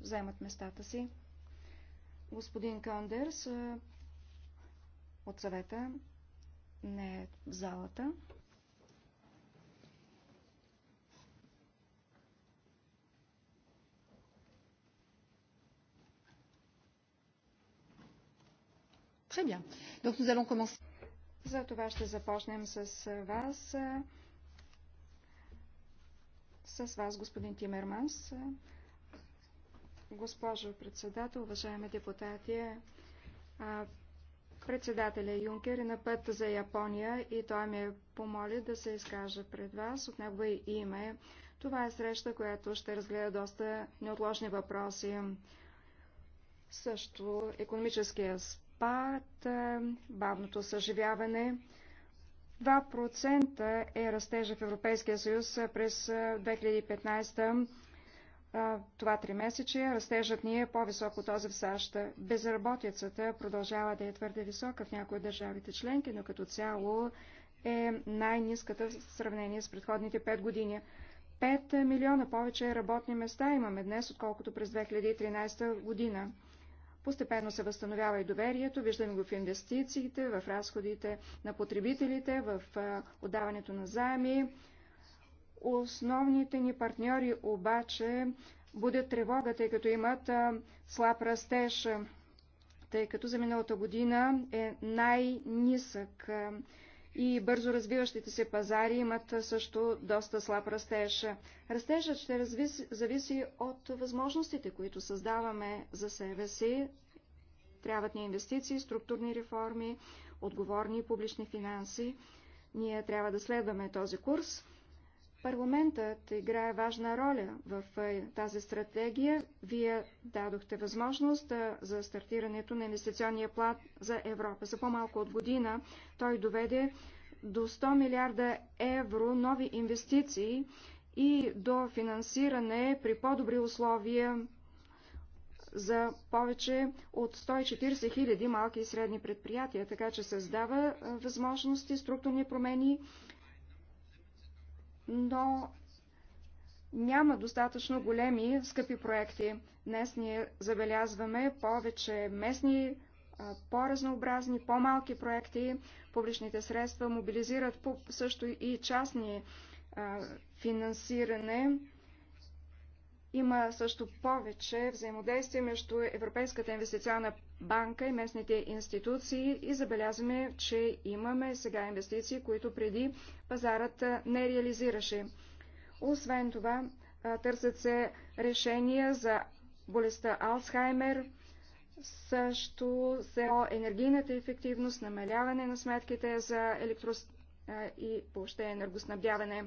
вземат местата си. Господин Кондерс от съвета не е в залата. За това ще започнем с вас. С вас, господин Тимерманс. Госпожо председател, уважаеми депутати, председателя Юнкер е на път за Япония и той ме помоли да се изкаже пред вас от и име. Това е среща, която ще разгледа доста неотложни въпроси. Също економическия спад, бавното съживяване. 2% е растежа в Европейския съюз през 2015 това три месече растежът ни е по-висок от този в САЩ. Безработицата продължава да е твърде висока в някои от държавите членки, но като цяло е най-низката в сравнение с предходните 5 години. 5 милиона повече работни места имаме днес, отколкото през 2013 година. Постепенно се възстановява и доверието, виждаме го в инвестициите, в разходите на потребителите, в отдаването на заеми, Основните ни партньори обаче будят тревога, тъй като имат слаб растеж, тъй като за миналата година е най-нисък и бързо развиващите се пазари имат също доста слаб растеж. Растежът ще развиси, зависи от възможностите, които създаваме за себе си. Трябват ни инвестиции, структурни реформи, отговорни публични финанси. Ние трябва да следваме този курс. Парламентът играе важна роля в е, тази стратегия. Вие дадохте възможност е, за стартирането на инвестиционния план за Европа. За по-малко от година той доведе до 100 милиарда евро нови инвестиции и до финансиране при по-добри условия за повече от 140 хиляди малки и средни предприятия, така че създава е, възможности, структурни промени но няма достатъчно големи скъпи проекти. Днес ние забелязваме повече местни, по-разнообразни, по-малки проекти. Публичните средства мобилизират също и частни финансиране има също повече взаимодействие между Европейската инвестиционна банка и местните институции и забелязваме, че имаме сега инвестиции, които преди пазарът не реализираше. Освен това, търсят се решения за болестта Алцхаймер, също се енергийната ефективност, намаляване на сметките за електро и въобще енергоснабдяване.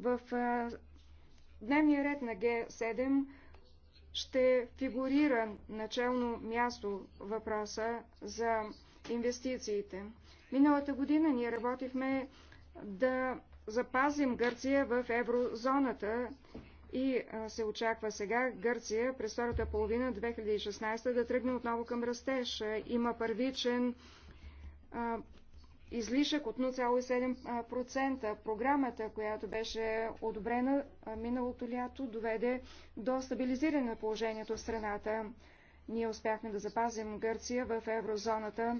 В дневния ред на Г7 ще фигурира начално място въпроса за инвестициите. Миналата година ние работихме да запазим Гърция в еврозоната и се очаква сега Гърция през втората половина 2016 да тръгне отново към растеж. Има първичен излишък от 0,7%. Програмата, която беше одобрена миналото лято, доведе до стабилизиране на положението в страната. Ние успяхме да запазим Гърция в еврозоната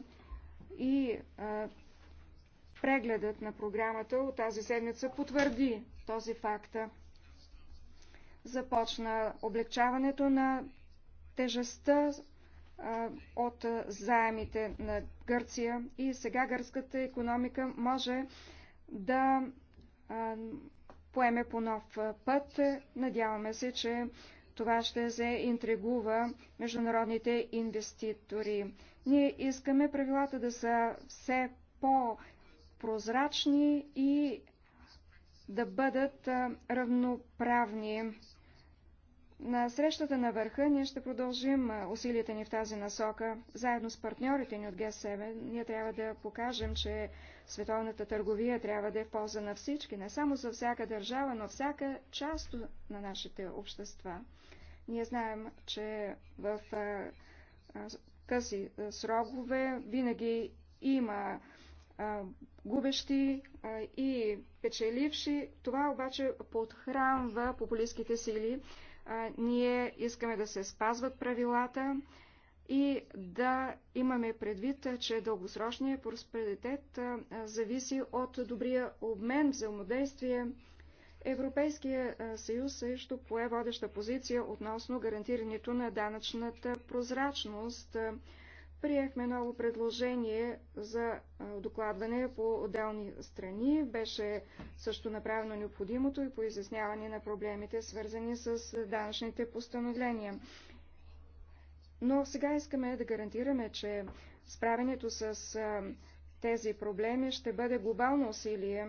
и а, прегледът на програмата от тази седмица потвърди този факт. Започна облегчаването на тежестта от заемите на Гърция и сега гръцката економика може да поеме по нов път. Надяваме се, че това ще заинтригува международните инвеститори. Ние искаме правилата да са все по-прозрачни и да бъдат равноправни. На срещата на върха ние ще продължим усилията ни в тази насока. Заедно с партньорите ни от Г7 ние трябва да покажем, че световната търговия трябва да е в полза на всички, не само за всяка държава, но всяка част на нашите общества. Ние знаем, че в къси срогове винаги има губещи и печеливши. Това обаче подхранва популистските сили ние искаме да се спазват правилата и да имаме предвид, че дългосрочният просперитет зависи от добрия обмен, взаимодействие. Европейския съюз също пое водеща позиция относно гарантирането на данъчната прозрачност. Приехме ново предложение за докладване по отделни страни. Беше също направено необходимото и по изясняване на проблемите, свързани с данъчните постановления. Но сега искаме да гарантираме, че справенето с тези проблеми ще бъде глобално усилие.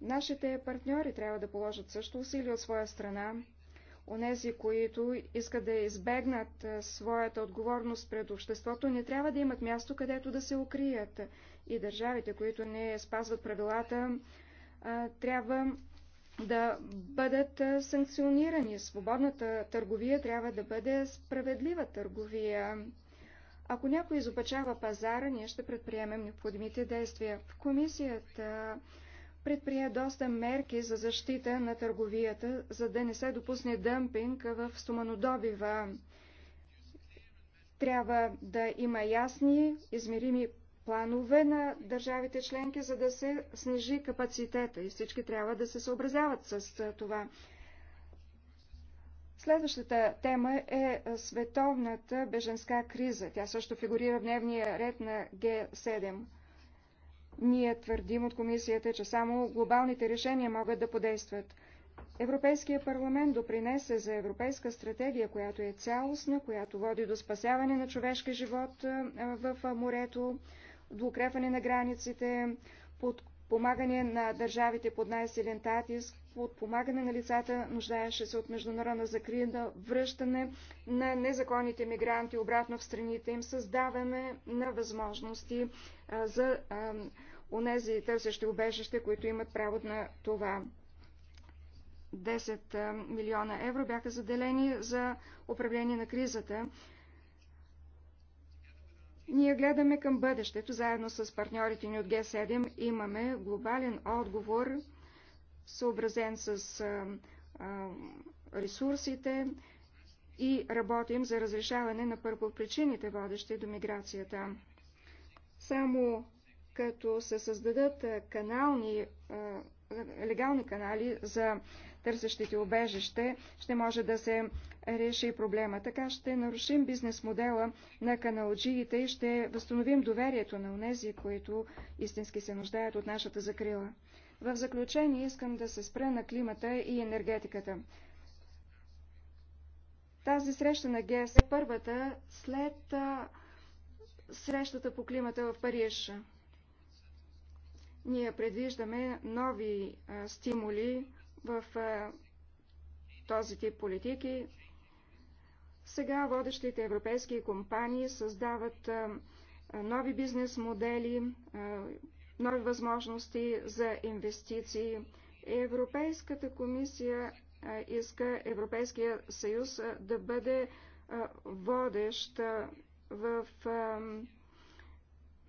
Нашите партньори трябва да положат също усилие от своя страна, онези, които искат да избегнат своята отговорност пред обществото, не трябва да имат място, където да се укрият. И държавите, които не спазват правилата, трябва да бъдат санкционирани. Свободната търговия трябва да бъде справедлива търговия. Ако някой изобачава пазара, ние ще предприемем необходимите действия. В комисията предприе доста мерки за защита на търговията, за да не се допусне дъмпинг в стоманодобива. Трябва да има ясни, измерими планове на държавите членки, за да се снижи капацитета и всички трябва да се съобразяват с това. Следващата тема е световната беженска криза. Тя също фигурира в дневния ред на Г7. Ние твърдим от комисията, че само глобалните решения могат да подействат. Европейския парламент допринесе за европейска стратегия, която е цялостна, която води до спасяване на човешки живот в морето, до укрепване на границите, подпомагане на държавите под най-силен татиск, подпомагане на лицата, нуждаещи се от международна закрина, връщане на незаконните мигранти обратно в страните им, създаване на възможности за онези търсещи убежище, които имат право на това. 10 милиона евро бяха заделени за управление на кризата. Ние гледаме към бъдещето, заедно с партньорите ни от Г7 имаме глобален отговор, съобразен с а, а, ресурсите и работим за разрешаване на първопричините, водещи до миграцията. Само като се създадат канални, легални канали за търсещите обежище, ще може да се реши проблема. Така ще нарушим бизнес модела на каналджиите и ще възстановим доверието на унези, които истински се нуждаят от нашата закрила. В заключение искам да се спра на климата и енергетиката. Тази среща на ГЕС е първата след срещата по климата в Париж. Ние предвиждаме нови стимули в този тип политики. Сега водещите европейски компании създават нови бизнес модели, нови възможности за инвестиции. Европейската комисия иска Европейския съюз да бъде водещ в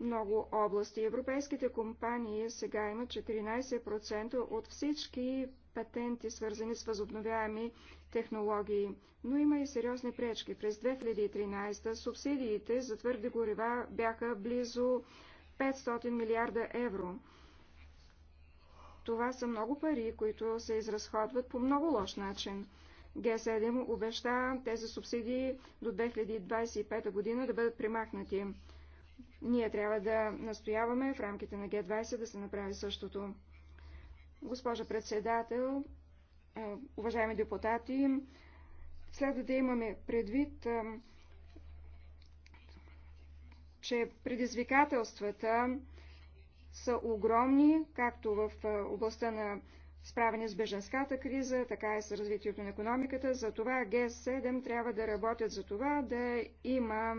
много области. Европейските компании сега имат 14% от всички патенти, свързани с възобновяеми технологии. Но има и сериозни пречки. През 2013 субсидиите за твърди горива бяха близо 500 милиарда евро. Това са много пари, които се изразходват по много лош начин. Г7 обеща тези субсидии до 2025 година да бъдат примахнати. Ние трябва да настояваме в рамките на Г-20 да се направи същото. Госпожа председател, уважаеми депутати, следва да имаме предвид, че предизвикателствата са огромни, както в областта на справяне с беженската криза, така и с развитието на економиката. Затова Г7 трябва да работят за това да има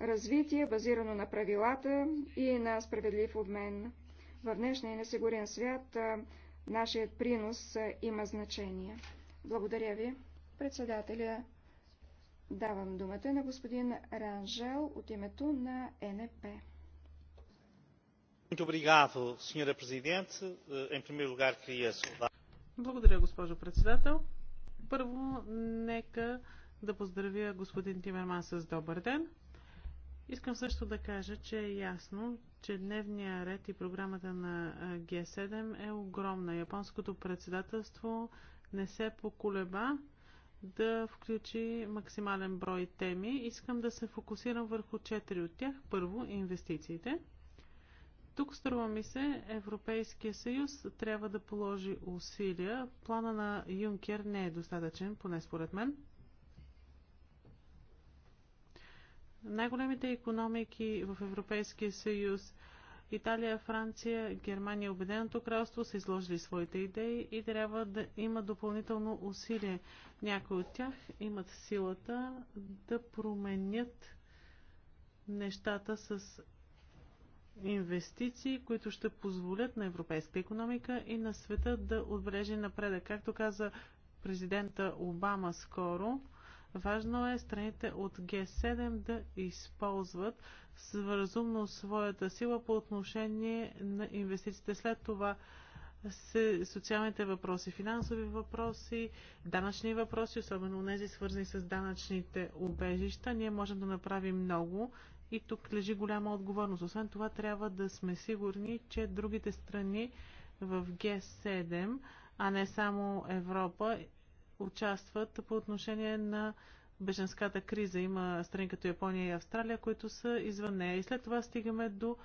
развитие, базирано на правилата и на справедлив обмен. В днешния несигурен свят нашият принос има значение. Благодаря ви, председателя. Давам думата на господин Ранжел от името на НП. Благодаря, госпожо председател. Първо, нека да поздравя господин Тимерман с добър ден. Искам също да кажа, че е ясно, че дневния ред и програмата на Г7 е огромна. Японското председателство не се поколеба да включи максимален брой теми. Искам да се фокусирам върху четири от тях. Първо, инвестициите. Тук, струва ми се, Европейския съюз трябва да положи усилия. Плана на Юнкер не е достатъчен, поне според мен. най-големите економики в Европейския съюз Италия, Франция, Германия и Обеденото кралство са изложили своите идеи и трябва да има допълнително усилие. Някои от тях имат силата да променят нещата с инвестиции, които ще позволят на европейска економика и на света да отбележи напредък. Както каза президента Обама скоро, Важно е страните от Г7 да използват разумно своята сила по отношение на инвестициите. След това се социалните въпроси, финансови въпроси, данъчни въпроси, особено тези свързани с данъчните убежища. Ние можем да направим много и тук лежи голяма отговорност. Освен това трябва да сме сигурни, че другите страни в Г7, а не само Европа, участват по отношение на беженската криза. Има страни като Япония и Австралия, които са извън нея. И след това стигаме до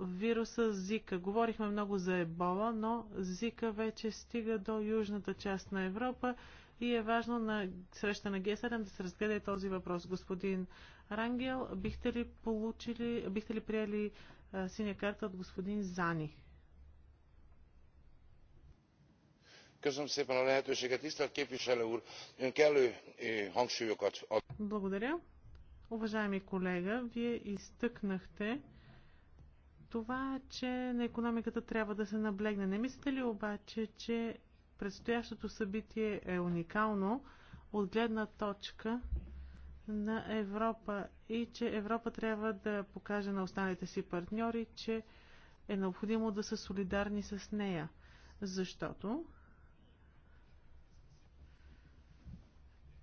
вируса Зика. Говорихме много за ебола, но Зика вече стига до южната част на Европа и е важно на среща на Г7 да се разгледа и този въпрос. Господин Рангел, бихте ли, получили, бихте ли приели а, синя карта от господин Зани? Köszönöm szépen a lehetőséget. Tisztelt képviselő úr, ön kellő eh, hangsúlyokat ad. Благодаря. Уважаеми колега, вие изтъкнахте това, че на економиката трябва да се наблегне. Не мислите ли обаче, че предстоящото събитие е уникално от гледна точка на Европа и че Европа трябва да покаже на останалите си партньори, че е необходимо да са солидарни с нея. Защото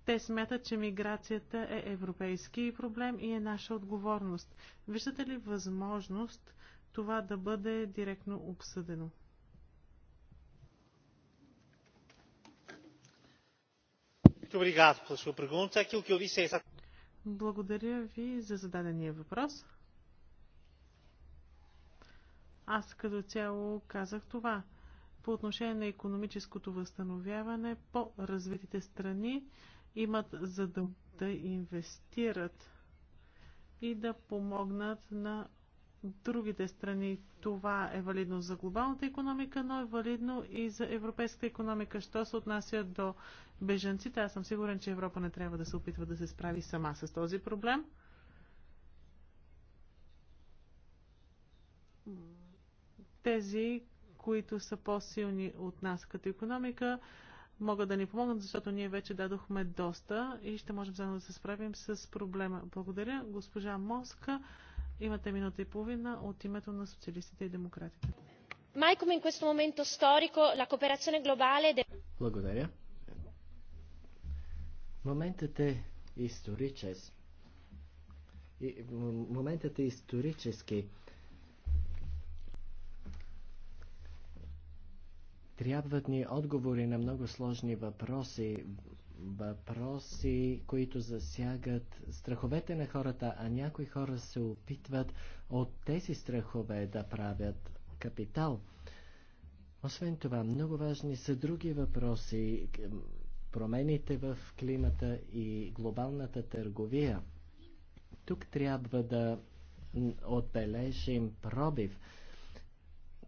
Те смятат, че миграцията е европейски проблем и е наша отговорност. Виждате ли възможност това да бъде директно обсъдено? Благодаря ви за зададения въпрос. Аз като цяло казах това. По отношение на економическото възстановяване по развитите страни, имат за да, да инвестират и да помогнат на другите страни. Това е валидно за глобалната економика, но е валидно и за европейската економика. Що се отнася до беженците, аз съм сигурен, че Европа не трябва да се опитва да се справи сама с този проблем. Тези, които са по-силни от нас като економика, могат да ни помогнат, защото ние вече дадохме доста и ще можем заедно да се справим с проблема. Благодаря. Госпожа Моска, имате минута и половина от името на социалистите и демократите. Mai la cooperazione globale... Благодаря. Моментът е исторически. Моментът е исторически. Трябват ни отговори на много сложни въпроси, въпроси, които засягат страховете на хората, а някои хора се опитват от тези страхове да правят капитал. Освен това, много важни са други въпроси, промените в климата и глобалната търговия. Тук трябва да отбележим пробив –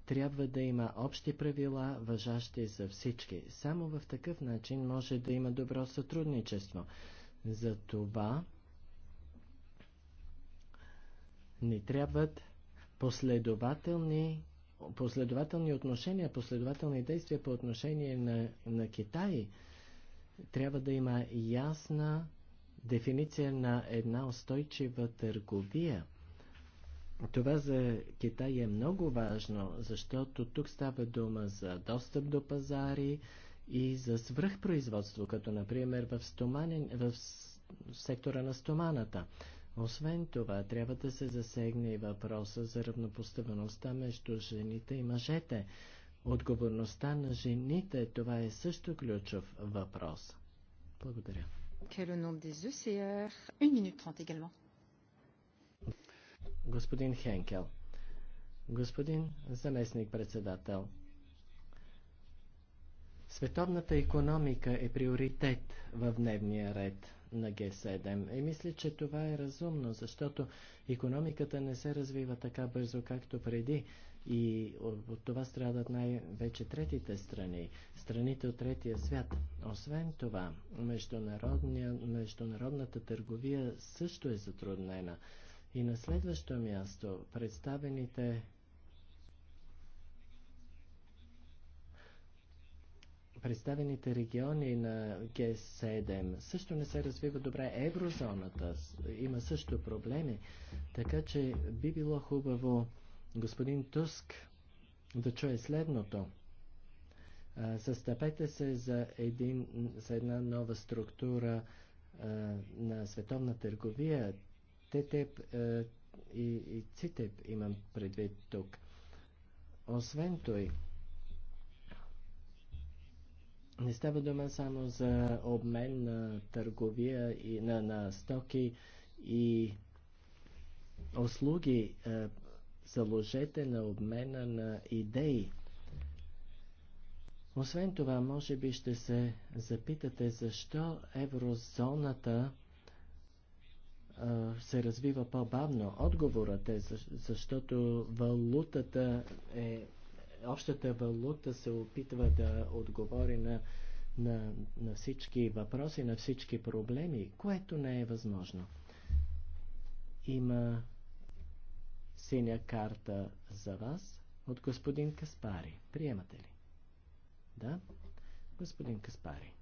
трябва да има общи правила, въжащи за всички. Само в такъв начин може да има добро сътрудничество. За това ни трябват последователни, последователни отношения, последователни действия по отношение на, на Китай. Трябва да има ясна дефиниция на една устойчива търговия – това за Китай е много важно, защото тук става дума за достъп до пазари и за свръхпроизводство, като например в, стоманен, в сектора на стоманата. Освен това, трябва да се засегне и въпроса за равнопоставеността между жените и мъжете. Отговорността на жените, това е също ключов въпрос. Благодаря. le des 1 e minute 30 également. Господин Хенкел. Господин заместник-председател. Световната економика е приоритет в дневния ред на Г7. И мисля, че това е разумно, защото економиката не се развива така бързо, както преди. И от това страдат най-вече третите страни, страните от третия свят. Освен това, международната търговия също е затруднена. И на следващо място, представените представените региони на Г7 също не се развива добре. Еврозоната има също проблеми, така че би било хубаво господин Туск да чуе следното. Състъпете се за, един, за една нова структура а, на световна търговия. Тетеп е, и, и ЦИТЕП имам предвид тук. Освен той, не става дума само за обмен на търговия и на, на стоки и услуги. Е, заложете на обмена на идеи. Освен това, може би ще се запитате защо еврозоната се развива по-бавно. Отговорът е, защото валутата е, общата валута се опитва да отговори на, на, на всички въпроси, на всички проблеми, което не е възможно. Има синя карта за вас от господин Каспари. Приемате ли? Да? Господин Каспари.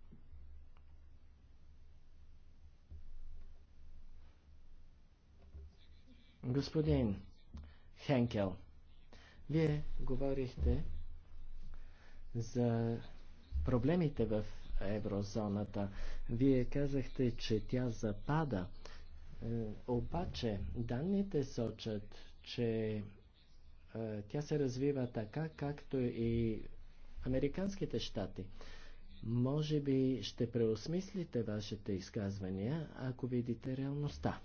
Господин Хенкел, вие говорихте за проблемите в еврозоната. Вие казахте, че тя запада. Е, обаче данните сочат, че е, тя се развива така, както и Американските щати. Може би ще преосмислите вашите изказвания, ако видите реалността.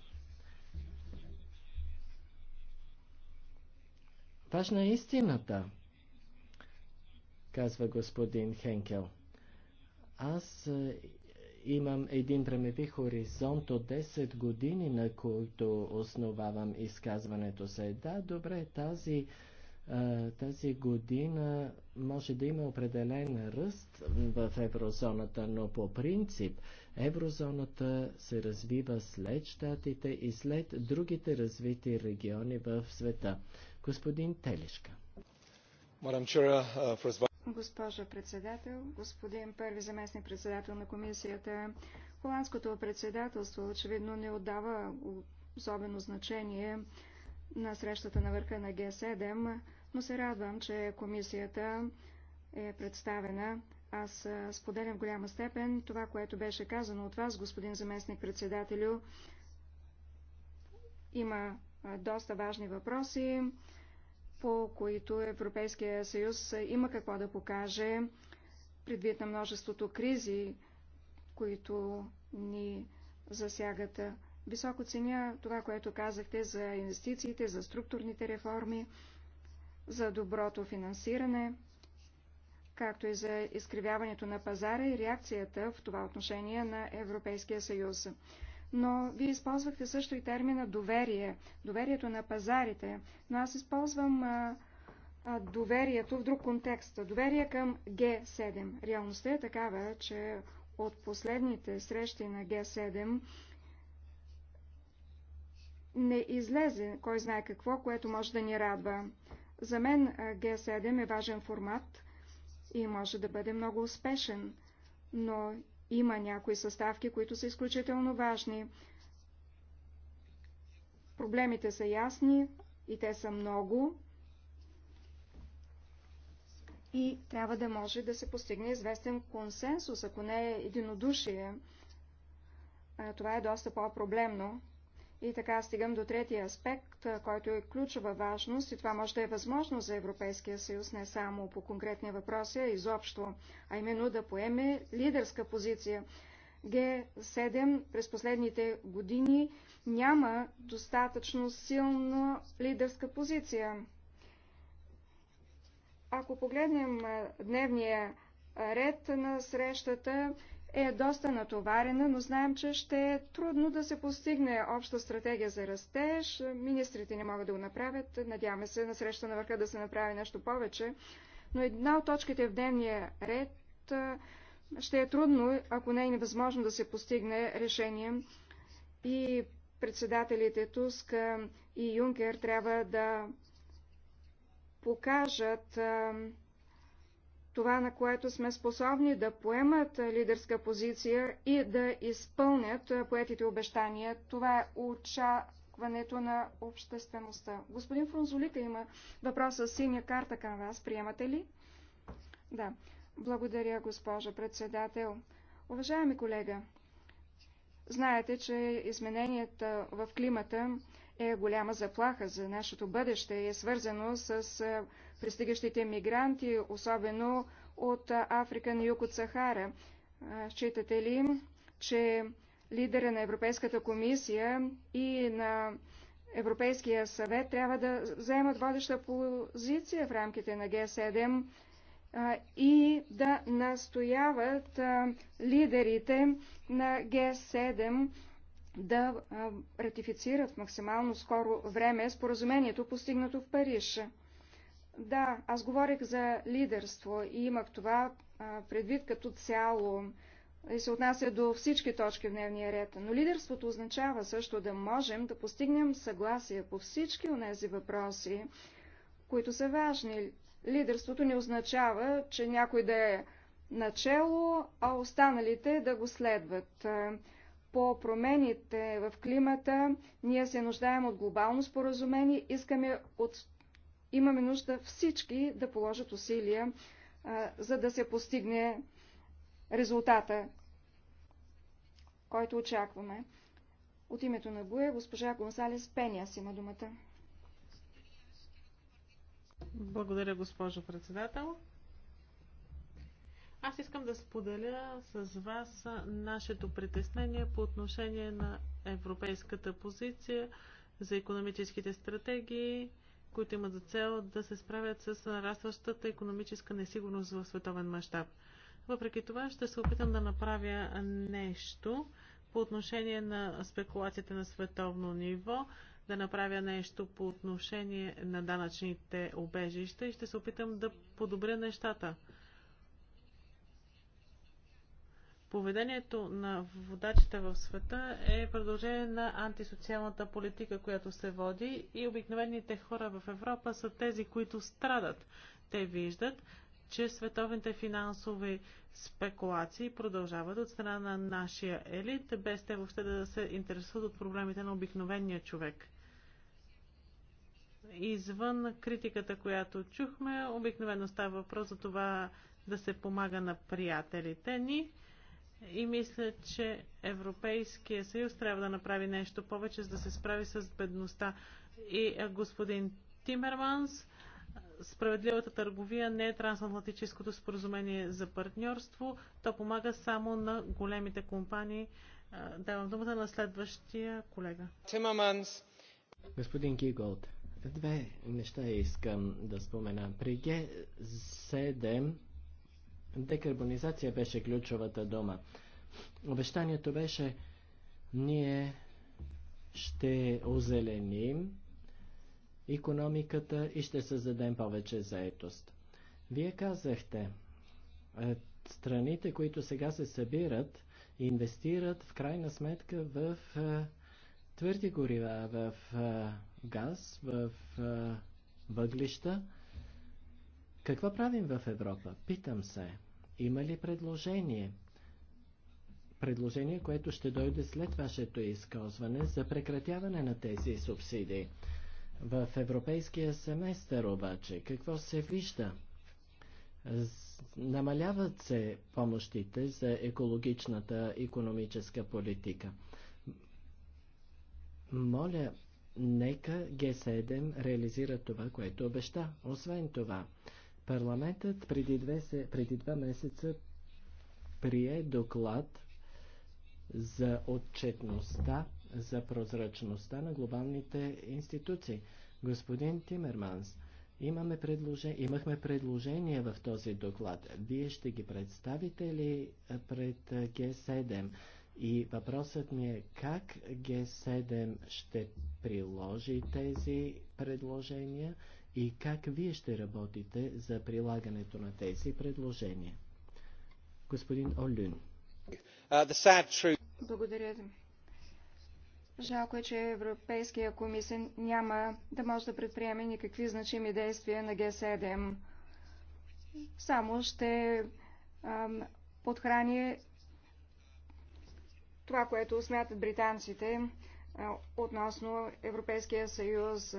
Важна е истината, казва господин Хенкел. Аз е, имам един времеви хоризонт от 10 години, на който основавам изказването се. Да, добре, тази, е, тази година може да има определен ръст в еврозоната, но по принцип еврозоната се развива след щатите и след другите развити региони в света. Господин Телешка. Госпожа председател, господин първи заместник председател на комисията, холандското председателство очевидно не отдава особено значение на срещата на върха на Г7, но се радвам, че комисията е представена. Аз споделям в голяма степен това, което беше казано от вас, господин заместник председателю. Има доста важни въпроси, по които Европейския съюз има какво да покаже, предвид на множеството кризи, които ни засягат. Високо ценя това, което казахте за инвестициите, за структурните реформи, за доброто финансиране, както и за изкривяването на пазара и реакцията в това отношение на Европейския съюз но вие използвахте също и термина доверие, доверието на пазарите, но аз използвам а, а, доверието в друг контекст, доверие към Г7. Реалността е такава, че от последните срещи на Г7 не излезе кой знае какво, което може да ни радва. За мен Г7 е важен формат и може да бъде много успешен, но има някои съставки, които са изключително важни. Проблемите са ясни и те са много. И трябва да може да се постигне известен консенсус, ако не е единодушие. Това е доста по-проблемно. И така стигам до третия аспект, който е ключова важност и това може да е възможно за Европейския съюз не само по конкретни въпроси, а изобщо, а именно да поеме лидерска позиция. Г7 през последните години няма достатъчно силна лидерска позиция. Ако погледнем дневния ред на срещата, е доста натоварена, но знаем, че ще е трудно да се постигне обща стратегия за растеж. Министрите не могат да го направят. Надяваме се на среща на върха да се направи нещо повече. Но една от точките в дневния ред ще е трудно, ако не е невъзможно да се постигне решение. И председателите Туск и Юнкер трябва да покажат това, на което сме способни да поемат лидерска позиция и да изпълнят поетите обещания. Това е очакването на обществеността. Господин Фрунзолика има въпрос с синя карта към вас. Приемате ли? Да. Благодаря, госпожа председател. Уважаеми колега, знаете, че измененията в климата е голяма заплаха за нашето бъдеще и е свързано с е, пристигащите мигранти, особено от е, Африка на юг от Сахара. Е, считате ли, че лидера на Европейската комисия и на Европейския съвет трябва да вземат водеща позиция в рамките на Г7 и да настояват лидерите на Г7 да ратифицират в максимално скоро време споразумението, постигнато в Париж. Да, аз говорих за лидерство и имах това предвид като цяло и се отнася до всички точки в дневния ред. Но лидерството означава също да можем да постигнем съгласие по всички от тези въпроси, които са важни. Лидерството не означава, че някой да е начало, а останалите да го следват по промените в климата, ние се нуждаем от глобално споразумение, искаме от... имаме нужда всички да положат усилия, за да се постигне резултата, който очакваме. От името на Буе, госпожа Гонсалес си има думата. Благодаря, госпожо председател. Аз искам да споделя с вас нашето притеснение по отношение на европейската позиция за економическите стратегии, които имат за цел да се справят с нарастващата економическа несигурност в световен мащаб. Въпреки това ще се опитам да направя нещо по отношение на спекулациите на световно ниво, да направя нещо по отношение на данъчните обежища и ще се опитам да подобря нещата. Поведението на водачите в света е продължение на антисоциалната политика, която се води и обикновените хора в Европа са тези, които страдат. Те виждат, че световните финансови спекулации продължават от страна на нашия елит, без те въобще да се интересуват от проблемите на обикновения човек. Извън критиката, която чухме, обикновено става въпрос за това да се помага на приятелите ни и мисля, че Европейския съюз трябва да направи нещо повече, за да се справи с бедността. И господин Тимерманс, справедливата търговия не е трансатлантическото споразумение за партньорство. То помага само на големите компании. Давам думата на следващия колега. Тимерманс. Господин Гиголд, две неща искам да спомена. При Г7 Декарбонизация беше ключовата дума. Обещанието беше ние ще озеленим економиката и ще създадем повече заетост. Вие казахте, е, страните, които сега се събират, инвестират в крайна сметка в е, твърди горива, в е, газ, в въглища. Какво правим в Европа? Питам се. Има ли предложение? Предложение, което ще дойде след вашето изказване за прекратяване на тези субсидии. В европейския семестър обаче какво се вижда? Намаляват се помощите за екологичната економическа политика. Моля, нека Г7 реализира това, което обеща. Освен това, Парламентът преди, две, преди два месеца прие доклад за отчетността, за прозрачността на глобалните институции. Господин Тимерманс, имаме предложение, имахме предложение в този доклад. Вие ще ги представите ли пред Г7? И въпросът ми е как Г7 ще приложи тези предложения и как вие ще работите за прилагането на тези предложения. Господин Олюн. Uh, Благодаря ви. Жалко е, че Европейския комисия няма да може да предприеме никакви значими действия на Г7. Само ще ам, подхрани това, което смятат британците а, относно Европейския съюз.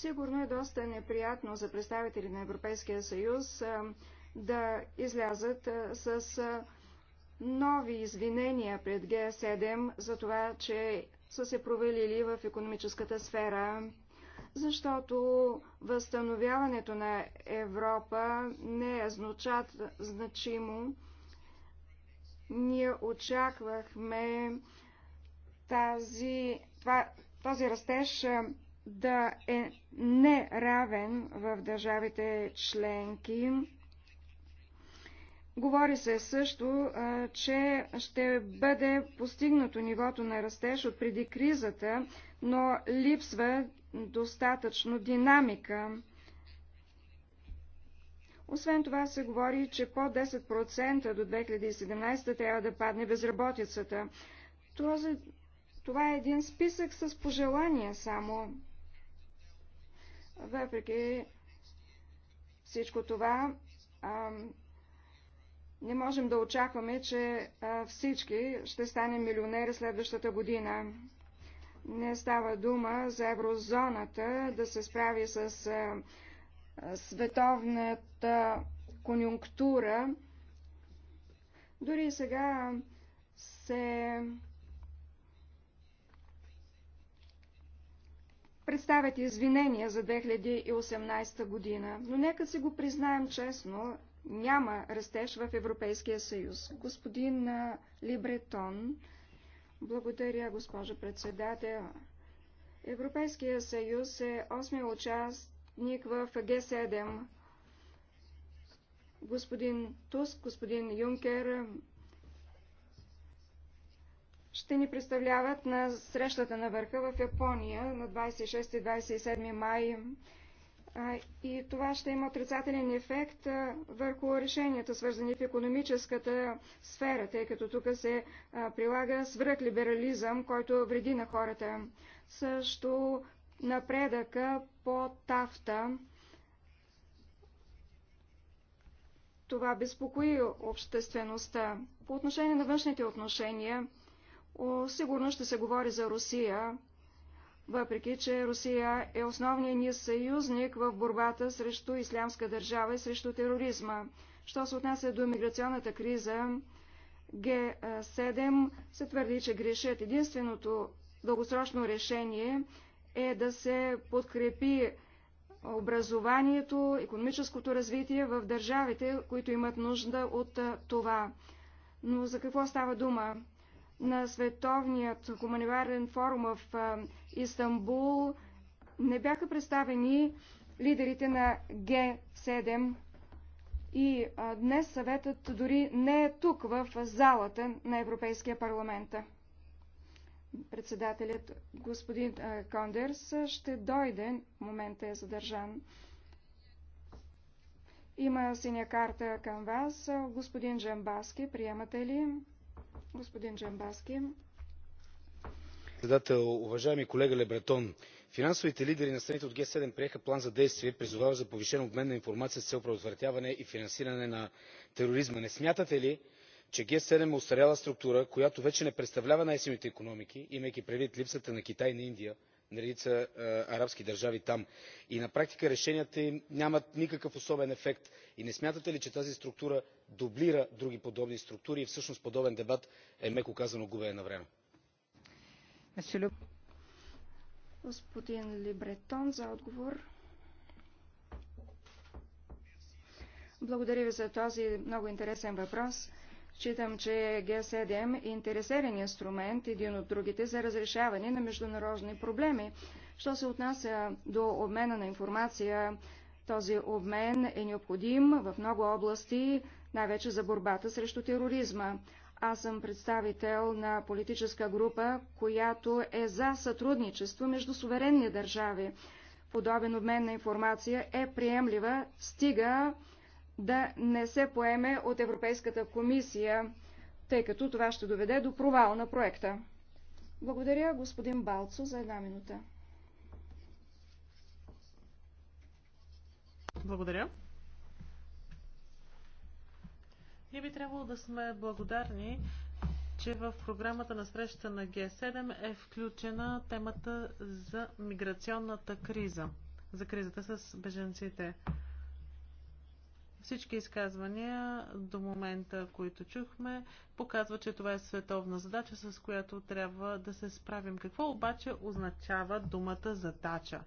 Сигурно е доста неприятно за представители на Европейския съюз да излязат с нови извинения пред Г7 за това, че са се провалили в економическата сфера, защото възстановяването на Европа не е значимо. Ние очаквахме тази, това, този растеж да е неравен в държавите членки. Говори се също, че ще бъде постигнато нивото на растеж от преди кризата, но липсва достатъчно динамика. Освен това се говори, че по 10% до 2017 трябва да падне безработицата. Това, това е един списък с пожелания само. Въпреки всичко това, не можем да очакваме, че всички ще станем милионери следващата година. Не става дума за еврозоната да се справи с световната конюнктура. Дори сега се представят извинения за 2018 година, но нека си го признаем честно, няма растеж в Европейския съюз. Господин Либретон, благодаря, госпожо председател. Европейския съюз е 8-я участник в Г7. Господин Туск, господин Юнкер, ще ни представляват на срещата на върха в Япония на 26 и 27 май. И това ще има отрицателен ефект върху решенията, свързани в економическата сфера, тъй като тук се прилага свръхлиберализъм, който вреди на хората. Също напредъка по тафта. Това безпокои обществеността. По отношение на външните отношения, Сигурно ще се говори за Русия, въпреки че Русия е основният ни съюзник в борбата срещу ислямска държава и срещу тероризма. Що се отнася до миграционната криза, Г7 се твърди, че грешат. Единственото дългосрочно решение е да се подкрепи образованието, економическото развитие в държавите, които имат нужда от това. Но за какво става дума? на Световният хуманитарен форум в Истанбул не бяха представени лидерите на Г7 и днес съветът дори не е тук в залата на Европейския парламент. Председателят господин Кондерс ще дойде, в момента е задържан. Има синя карта към вас. Господин Джамбаски, приемате ли? Господин Джамбаски. Председател, уважаеми колега Лебретон, финансовите лидери на страните от г 7 приеха план за действие призоваващ за повишен обмен на информация с цел предотвратяване и финансиране на тероризма. не смятате ли че г 7 е остаряла структура която вече не представлява най силните икономики имайки предвид липсата на китай и на индия на редица арабски държави там и на практика решенията им нямат никакъв особен ефект. не смятате ли че тази структура дублира други подобни структури и всъщност подобен дебат е меко казано губене на време? Господин Либретон за отговор. Благодаря ви за този много интересен въпрос. Считам, че Г7 е интересен инструмент, един от другите, за разрешаване на международни проблеми. Що се отнася до обмена на информация, този обмен е необходим в много области, най-вече за борбата срещу тероризма. Аз съм представител на политическа група, която е за сътрудничество между суверенни държави. Подобен обмен на информация е приемлива, стига да не се поеме от Европейската комисия, тъй като това ще доведе до провал на проекта. Благодаря господин Балцо за една минута. Благодаря. Ние би трябвало да сме благодарни, че в програмата на среща на Г7 е включена темата за миграционната криза, за кризата с беженците. Всички изказвания до момента, които чухме, показва, че това е световна задача, с която трябва да се справим. Какво обаче означава думата задача?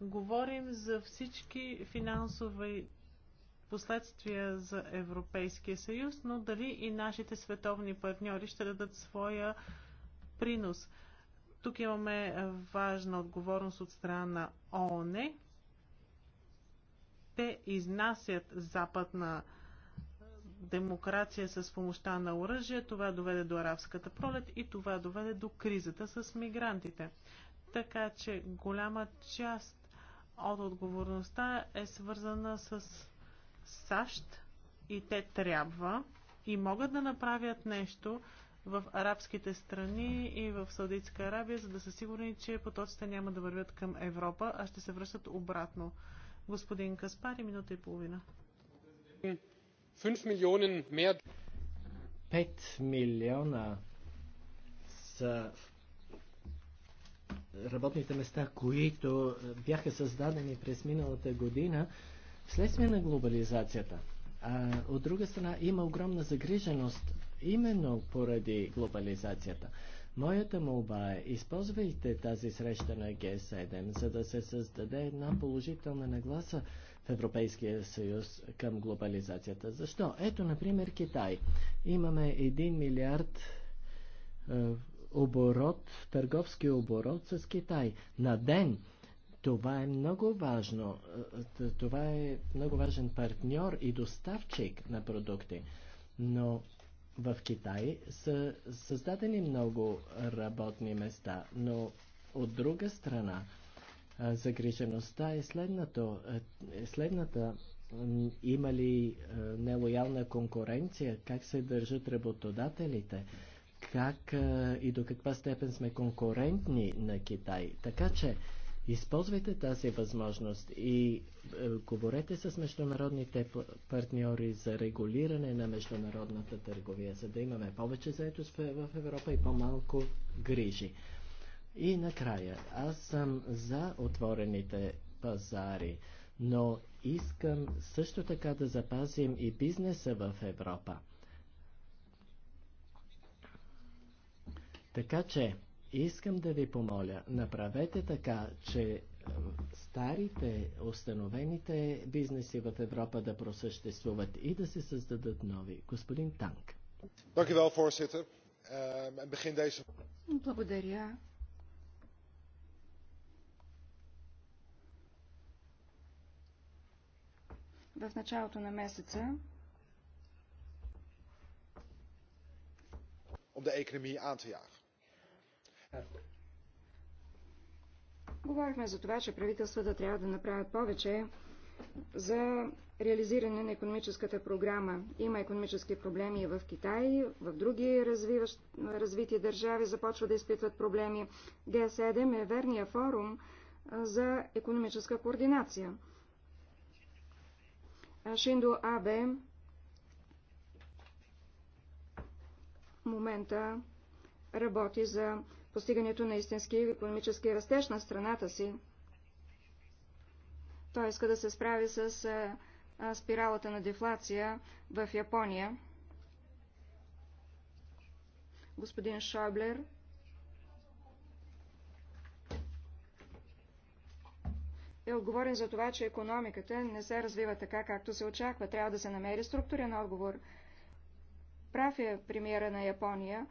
Говорим за всички финансови последствия за Европейския съюз, но дали и нашите световни партньори ще дадат своя принос. Тук имаме важна отговорност от страна на ООН, те изнасят западна демокрация с помощта на оръжие, това доведе до арабската пролет и това доведе до кризата с мигрантите. Така че голяма част от отговорността е свързана с САЩ и те трябва и могат да направят нещо в арабските страни и в Саудитска Арабия, за да са сигурни, че потоците няма да вървят към Европа, а ще се връщат обратно. Господин Каспари, минута и половина. 5 милиона милиона са работните места, които бяха създадени през миналата година вследствие на глобализацията. А, от друга страна има огромна загриженост именно поради глобализацията. Моята молба е, използвайте тази среща на Г7, за да се създаде една положителна нагласа в Европейския съюз към глобализацията. Защо? Ето, например, Китай. Имаме 1 милиард е, оборот, търговски оборот с Китай на ден. Това е много важно. Е, това е много важен партньор и доставчик на продукти. Но в Китай са създадени много работни места, но от друга страна загрижеността е, е е следната има ли нелоялна конкуренция, как се държат работодателите, как и до каква степен сме конкурентни на Китай. Така че Използвайте тази възможност и е, говорете с международните партньори за регулиране на международната търговия, за да имаме повече заетост е, в Европа и по-малко грижи. И накрая, аз съм за отворените пазари, но искам също така да запазим и бизнеса в Европа. Така че, Искам да ви помоля, направете така, че е, старите, установените бизнеси в Европа да просъществуват и да се създадат нови. Господин Танк. Ehm, Благодаря. В началото на месеца om de economie aan te jagen. Говорихме за това, че правителствата трябва да направят повече за реализиране на економическата програма. Има економически проблеми и в Китай, в други развиващ, развити държави започва да изпитват проблеми. Г7 е верния форум за економическа координация. Шиндо Абе в момента работи за постигането на истински економически растеж на страната си. Той иска да се справи с спиралата на дефлация в Япония. Господин Шойблер е отговорен за това, че економиката не се развива така, както се очаква. Трябва да се намери структурен отговор. Прав е премиера на Япония,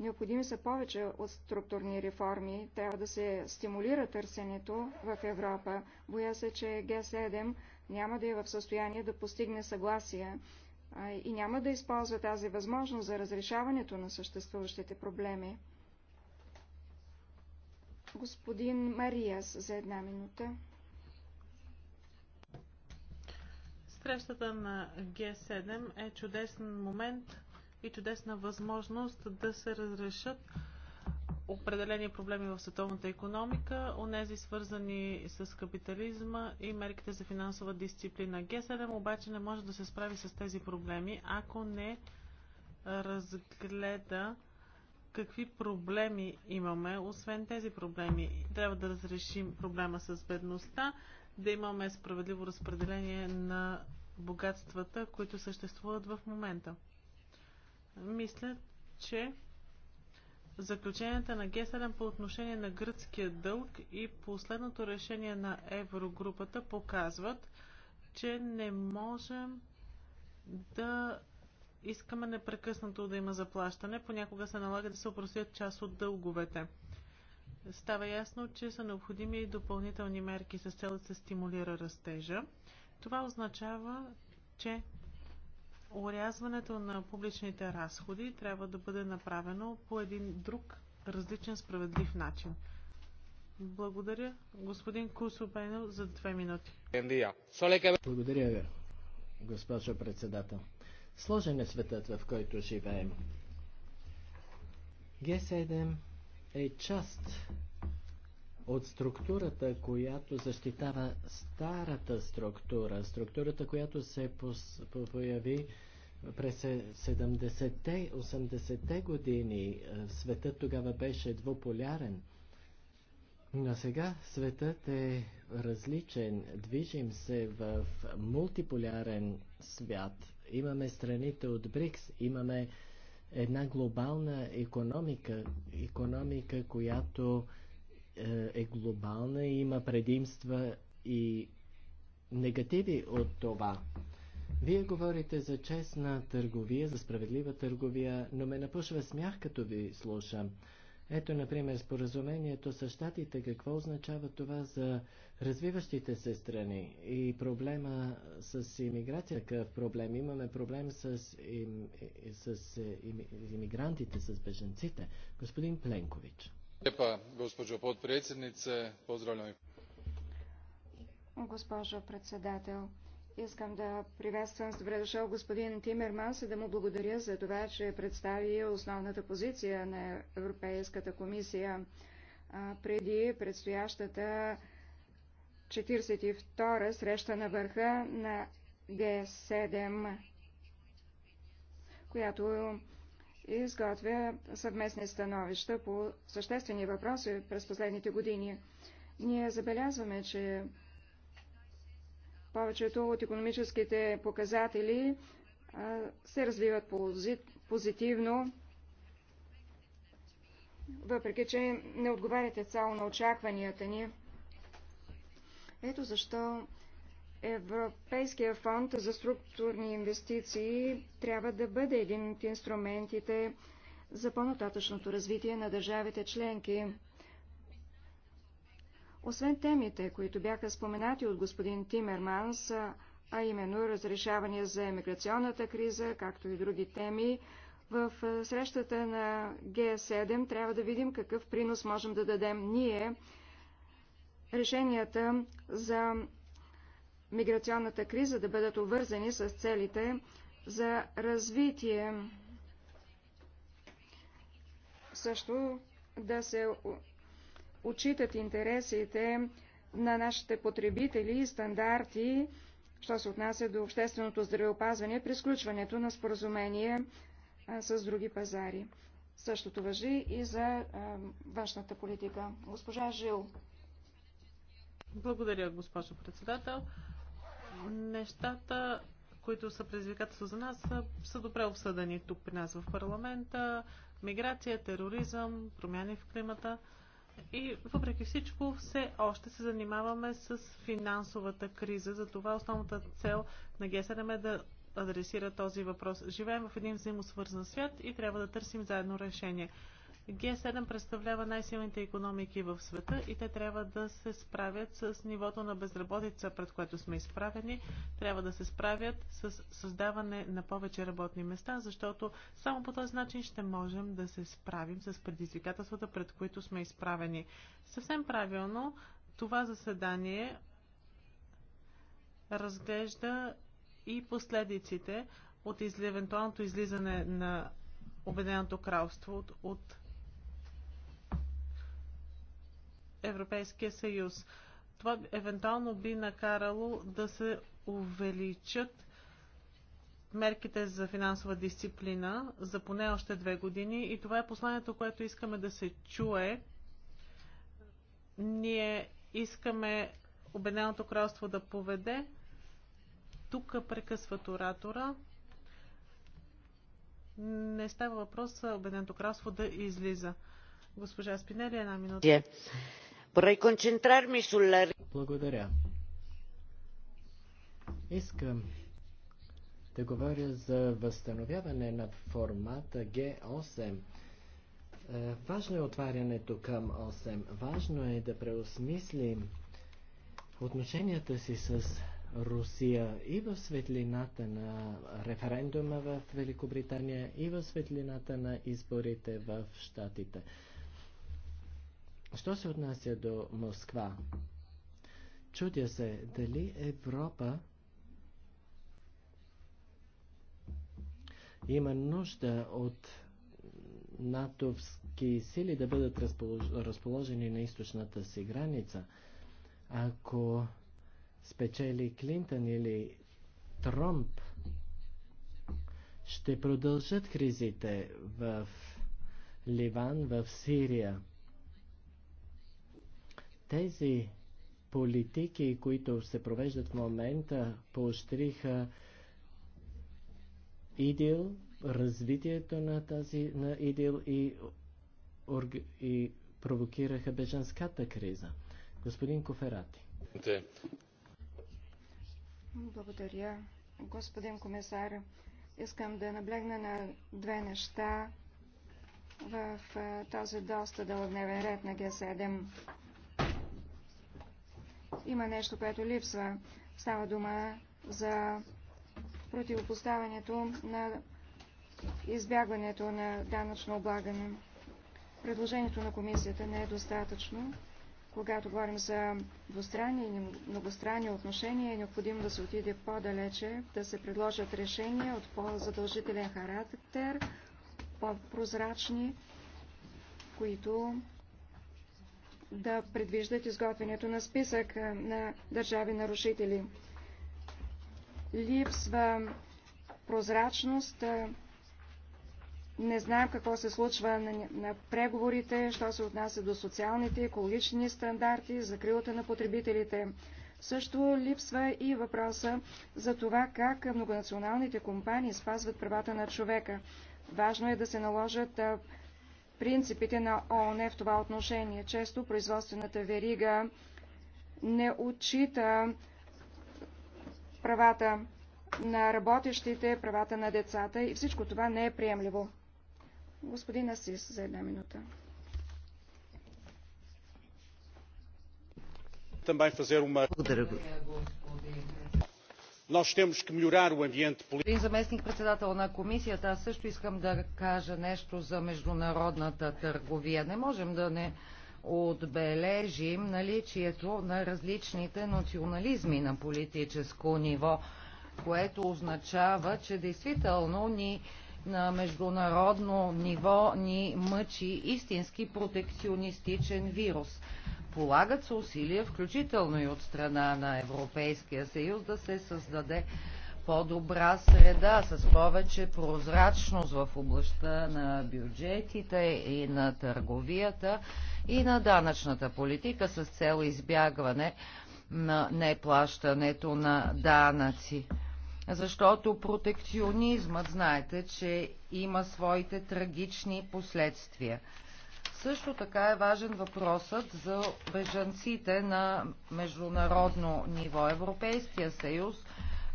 Необходими са повече от структурни реформи. Трябва да се стимулира търсенето в Европа. Боя се, че Г7 няма да е в състояние да постигне съгласие и няма да използва тази възможност за разрешаването на съществуващите проблеми. Господин Мариас за една минута. Срещата на Г7 е чудесен момент и чудесна възможност да се разрешат определени проблеми в световната економика, онези свързани с капитализма и мерките за финансова дисциплина. Г7 обаче не може да се справи с тези проблеми, ако не разгледа какви проблеми имаме, освен тези проблеми. Трябва да разрешим проблема с бедността, да имаме справедливо разпределение на богатствата, които съществуват в момента. Мисля, че заключенията на Г7 по отношение на гръцкия дълг и последното решение на еврогрупата показват, че не можем да искаме непрекъснато да има заплащане. Понякога се налага да се опростят част от дълговете. Става ясно, че са необходими и допълнителни мерки с цел да се стимулира растежа. Това означава, че Орязването на публичните разходи трябва да бъде направено по един друг, различен, справедлив начин. Благодаря, господин Кусобенов, за две минути. Благодаря ви, госпожо председател. Сложен е светът, в който живеем. Г7 е част от структурата, която защитава старата структура, структурата, която се появи през 70-те, 80-те години. Е, светът тогава беше двуполярен. Но сега светът е различен. Движим се в мултиполярен свят. Имаме страните от БРИКС, имаме една глобална економика, економика, която е, е глобална и има предимства и негативи от това. Вие говорите за честна търговия, за справедлива търговия, но ме напушва смях, като ви слушам. Ето, например, споразумението с щатите, какво означава това за развиващите се страни и проблема с иммиграция, какъв проблем? Имаме проблем с, им, с е, им, иммигрантите, с беженците. Господин Пленкович gospođo potpredsjednice pozdravljam госпожо председател искам да приветствам с добре дошъл господин тимерманс и да му благодаря за това че представи основната позиция на европейската комисия преди предстоящата 42-а среща на върха на г 7 която и изготвя съвместни становища по съществени въпроси през последните години. Ние забелязваме, че повечето от економическите показатели се развиват позитивно, въпреки че не отговаряте цяло на очакванията ни. Ето защо Европейския фонд за структурни инвестиции трябва да бъде един от инструментите за по-нататъчното развитие на държавите членки. Освен темите, които бяха споменати от господин Тимерманс, а именно разрешаване за емиграционната криза, както и други теми, в срещата на Г7 трябва да видим какъв принос можем да дадем ние решенията за миграционната криза да бъдат обвързани с целите за развитие. Също да се отчитат интересите на нашите потребители и стандарти, що се отнася до общественото здравеопазване при сключването на споразумение с други пазари. Същото въжи и за външната политика. Госпожа Жил. Благодаря, госпожо председател. Нещата, които са предизвикателство за нас, са, са добре обсъдени тук при нас в парламента. Миграция, тероризъм, промяни в климата. И въпреки всичко, все още се занимаваме с финансовата криза. Затова основната цел на г е да адресира този въпрос. Живеем в един взаимосвързан свят и трябва да търсим заедно решение. Г7 представлява най-силните економики в света и те трябва да се справят с нивото на безработица, пред което сме изправени. Трябва да се справят с създаване на повече работни места, защото само по този начин ще можем да се справим с предизвикателствата, пред които сме изправени. Съвсем правилно, това заседание разглежда и последиците от евентуалното излизане на Обединеното кралство от, от Европейския съюз. Това евентуално би накарало да се увеличат мерките за финансова дисциплина за поне още две години и това е посланието, което искаме да се чуе. Ние искаме Обединеното кралство да поведе. Тук прекъсват оратора. Не става въпрос Обединеното кралство да излиза. Госпожа Спинели, една минута. Е, благодаря. Искам да говоря за възстановяване на формата G8. Е, важно е отварянето към 8. Важно е да преосмислим отношенията си с Русия и в светлината на референдума в Великобритания и в светлината на изборите в Штатите. Що се отнася до Москва? Чудя се дали Европа има нужда от натовски сили да бъдат разположени на източната си граница. Ако спечели Клинтън или Тромп, ще продължат кризите в Ливан, в Сирия – тези политики, които се провеждат в момента, поощриха ИДИЛ, развитието на тази на ИДИЛ и, и провокираха беженската криза. Господин Коферати. Благодаря, господин комисар. Искам да наблегна на две неща в този доста дълъг дневен ред на Г7 има нещо, което липсва. Става дума за противопоставянето на избягването на данъчно облагане. Предложението на комисията не е достатъчно. Когато говорим за двустранни и многостранни отношения, е необходимо да се отиде по-далече, да се предложат решения от по-задължителен характер, по-прозрачни, които да предвиждат изготвянето на списък на държави нарушители. Липсва прозрачност. Не знаем какво се случва на, преговорите, що се отнася до социалните, екологични стандарти, закрилата на потребителите. Също липсва и въпроса за това как многонационалните компании спазват правата на човека. Важно е да се наложат принципите на ООН в това отношение. Често производствената верига не отчита правата на работещите, правата на децата и всичко това не е приемливо. Господин Асис, за една минута. Благодаря, господин Господин заместник председател на комисията, аз също искам да кажа нещо за международната търговия. Не можем да не отбележим наличието на различните национализми на политическо ниво, което означава, че действително ни на международно ниво ни мъчи истински протекционистичен вирус полагат се усилия, включително и от страна на Европейския съюз, да се създаде по-добра среда, с повече прозрачност в областта на бюджетите и на търговията и на данъчната политика с цел избягване на неплащането на данъци. Защото протекционизмът, знаете, че има своите трагични последствия. Също така е важен въпросът за бежанците на международно ниво. Европейския съюз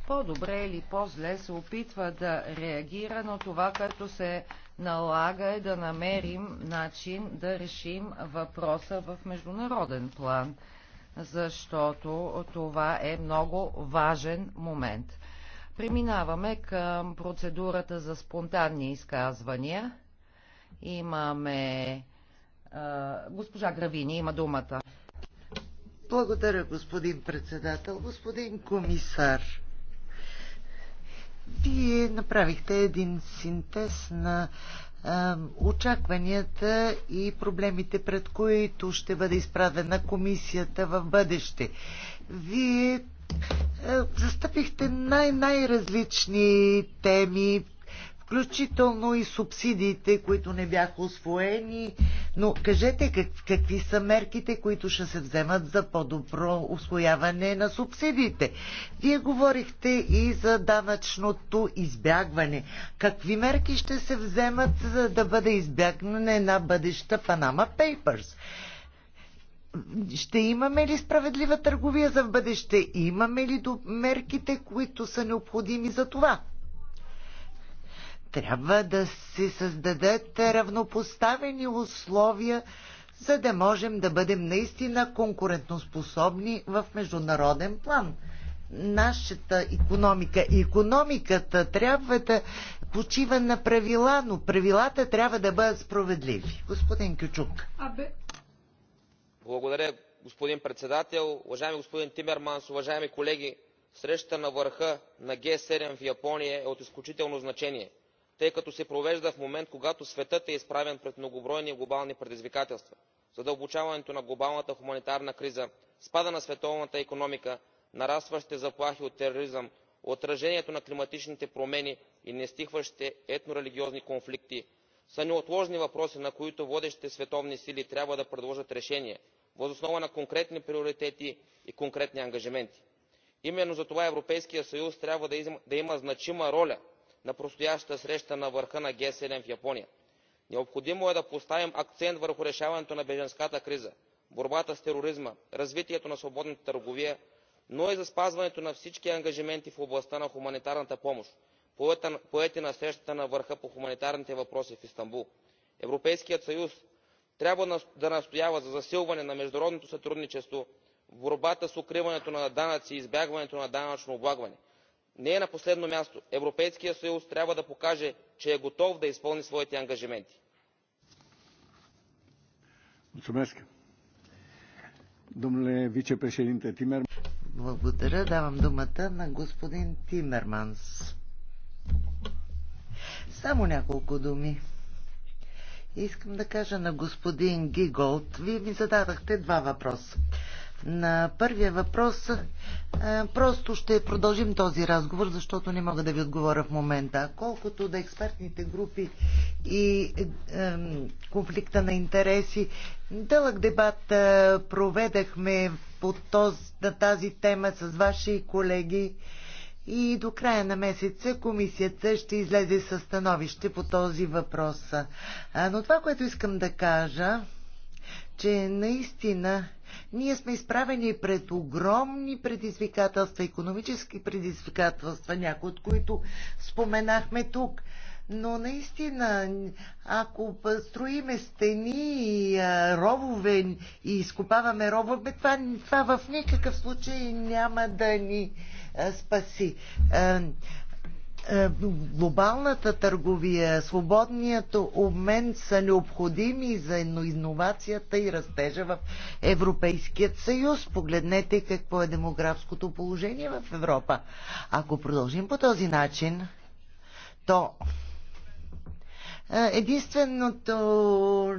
по-добре или по-зле се опитва да реагира, но това, което се налага е да намерим начин да решим въпроса в международен план, защото това е много важен момент. Преминаваме към процедурата за спонтанни изказвания. Имаме Госпожа Гравини има думата. Благодаря, господин председател. Господин комисар, вие направихте един синтез на очакванията и проблемите, пред които ще бъде изправена комисията в бъдеще. Вие застъпихте най-най-различни теми, включително и субсидиите, които не бяха освоени. Но кажете как, какви са мерките, които ще се вземат за по-добро освояване на субсидиите. Вие говорихте и за данъчното избягване. Какви мерки ще се вземат, за да бъде избягнане на бъдеща Панама Пейперс? ще имаме ли справедлива търговия за в бъдеще? Имаме ли мерките, които са необходими за това? Трябва да се създадат равнопоставени условия, за да можем да бъдем наистина конкурентоспособни в международен план. Нашата економика и економиката трябва да почива на правила, но правилата трябва да бъдат справедливи. Господин Кючук. Абе. Благодаря, господин председател. Уважаеми господин Тимерманс, уважаеми колеги, срещата на върха на Г7 в Япония е от изключително значение тъй като се провежда в момент когато светът е изправен пред многобройни глобални предизвикателства задълбочаването на глобалната хуманитарна криза спада на световната икономика нарастващите заплахи от тероризъм отражението на климатичните промени и нестихващите етнорелигиозни конфликти са неотложни въпроси на които водещите световни сили трябва да предложат решение въз основа на конкретни приоритети и конкретни ангажименти. именно затова европейският съюз трябва да има значима роля на предстоящата среща на върха на г седем в япония. необходимо е да поставим акцент върху решаването на бежанската криза борбата с тероризма развитието на свободната търговия но и за спазването на всички ангажименти в областта на хуманитарната помощ поети на срещата на върха по хуманитарните въпроси в истанбул. европейският съюз трябва да настоява за засилване на международното сътрудничество в борбата с укриването на данъци и избягването на данъчно облагване не е на последно място европейският съюз трябва да покаже че е готов да изпълни своите ангажименти. Благодаря. Давам думата на господин Тимерманс. Само няколко думи. Искам да кажа на господин Гиголд. Вие ми зададахте два въпроса на първия въпрос, просто ще продължим този разговор, защото не мога да ви отговоря в момента. Колкото да експертните групи и конфликта на интереси, дълъг дебат е, проведахме по този, на тази тема с ваши колеги и до края на месеца комисията ще излезе със становище по този въпрос. Но това, което искам да кажа, че наистина ние сме изправени пред огромни предизвикателства, економически предизвикателства, някои от които споменахме тук. Но наистина, ако строиме стени и робове и изкопаваме робове, това, това в никакъв случай няма да ни спаси. Е, глобалната търговия, свободният обмен са необходими за иновацията и растежа в Европейският съюз. Погледнете какво е демографското положение в Европа. Ако продължим по този начин, то е, единственото,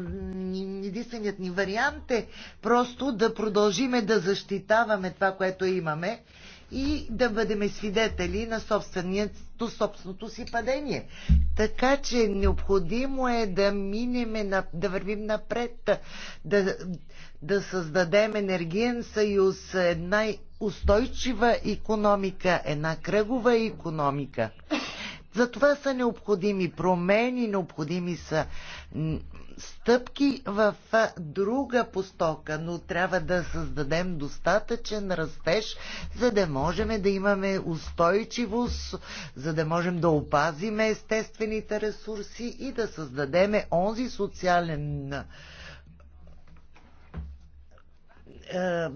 единственият ни вариант е просто да продължиме да защитаваме това, което имаме, и да бъдем свидетели на собственото, собственото си падение. Така че необходимо е да минем, да вървим напред, да, да създадем енергиен съюз, една устойчива економика, една кръгова економика. За това са необходими промени, необходими са стъпки в друга постока, но трябва да създадем достатъчен растеж, за да можем да имаме устойчивост, за да можем да опазиме естествените ресурси и да създадем онзи социален е, е,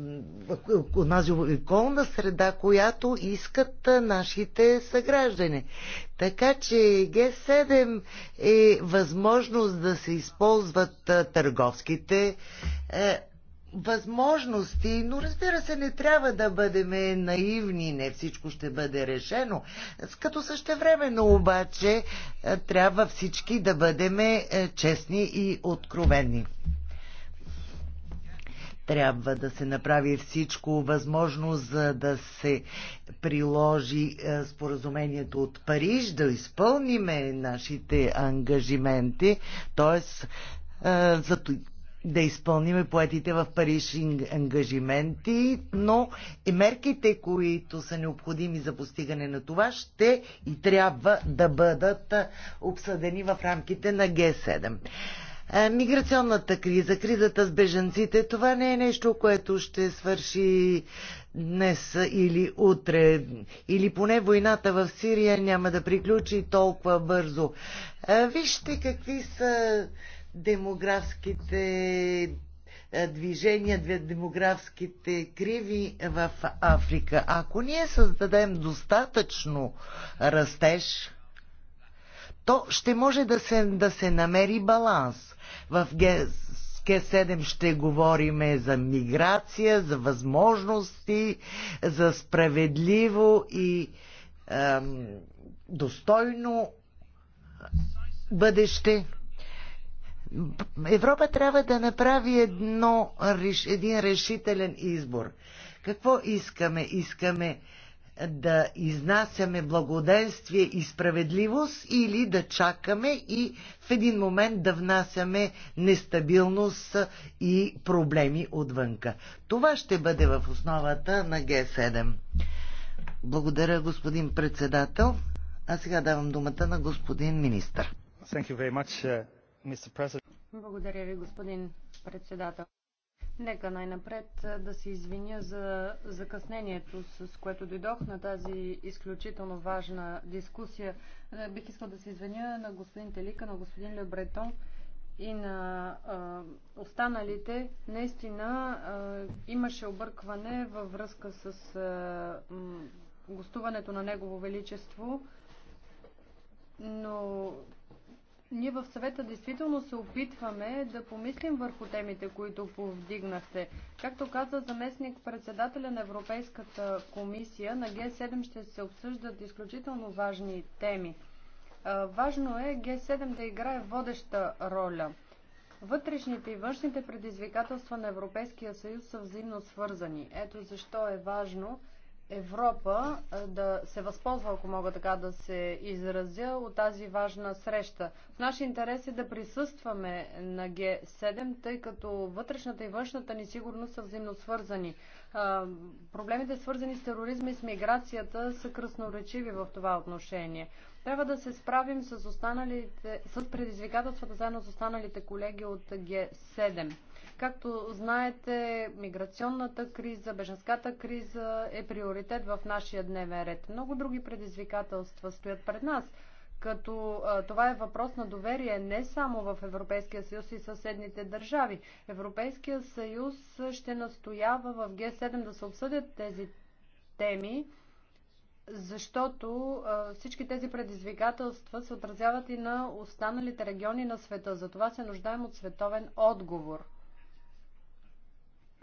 онази околна среда, която искат нашите съграждани. Така че Г7 е възможност да се използват търговските е, възможности, но разбира се, не трябва да бъдем наивни, не всичко ще бъде решено. Като същевременно обаче трябва всички да бъдем честни и откровени. Трябва да се направи всичко възможно, за да се приложи е, споразумението от Париж, да изпълниме нашите ангажименти, т.е. за да изпълниме поетите в Париж ангажименти, но мерките, които са необходими за постигане на това, ще и трябва да бъдат обсъдени в рамките на Г7. Е, миграционната криза, кризата с беженците, това не е нещо, което ще свърши днес или утре, или поне войната в Сирия няма да приключи толкова бързо. Е, вижте какви са демографските е, движения, демографските криви в Африка. Ако ние създадем достатъчно растеж, то ще може да се, да се намери баланс. В Г7 ще говорим за миграция, за възможности, за справедливо и ем, достойно бъдеще. Европа трябва да направи едно, един решителен избор. Какво искаме? Искаме да изнасяме благоденствие и справедливост или да чакаме и в един момент да внасяме нестабилност и проблеми отвънка. Това ще бъде в основата на Г7. Благодаря, господин председател. А сега давам думата на господин министър. Uh, Благодаря ви, господин председател. Нека най-напред да се извиня за закъснението, с което дойдох на тази изключително важна дискусия. Бих искал да се извиня на господин Телика, на господин Лебретон и на а, останалите. Наистина а, имаше объркване във връзка с а, м, гостуването на Негово Величество, но ние в съвета действително се опитваме да помислим върху темите, които повдигнахте. Както каза заместник председателя на Европейската комисия, на Г7 ще се обсъждат изключително важни теми. Важно е Г7 да играе водеща роля. Вътрешните и външните предизвикателства на Европейския съюз са взаимно свързани. Ето защо е важно Европа да се възползва, ако мога така да се изразя, от тази важна среща. В наш интерес е да присъстваме на Г7, тъй като вътрешната и външната ни сигурност са взаимно свързани. Проблемите свързани с тероризма и с миграцията са кръсноречиви в това отношение. Трябва да се справим с, останалите, с предизвикателствата заедно с останалите колеги от Г7. Както знаете, миграционната криза, беженската криза е приоритет в нашия дневен ред. Много други предизвикателства стоят пред нас като а, това е въпрос на доверие не само в Европейския съюз и съседните държави. Европейския съюз ще настоява в Г7 да се обсъдят тези теми, защото а, всички тези предизвикателства се отразяват и на останалите региони на света. Затова се нуждаем от световен отговор.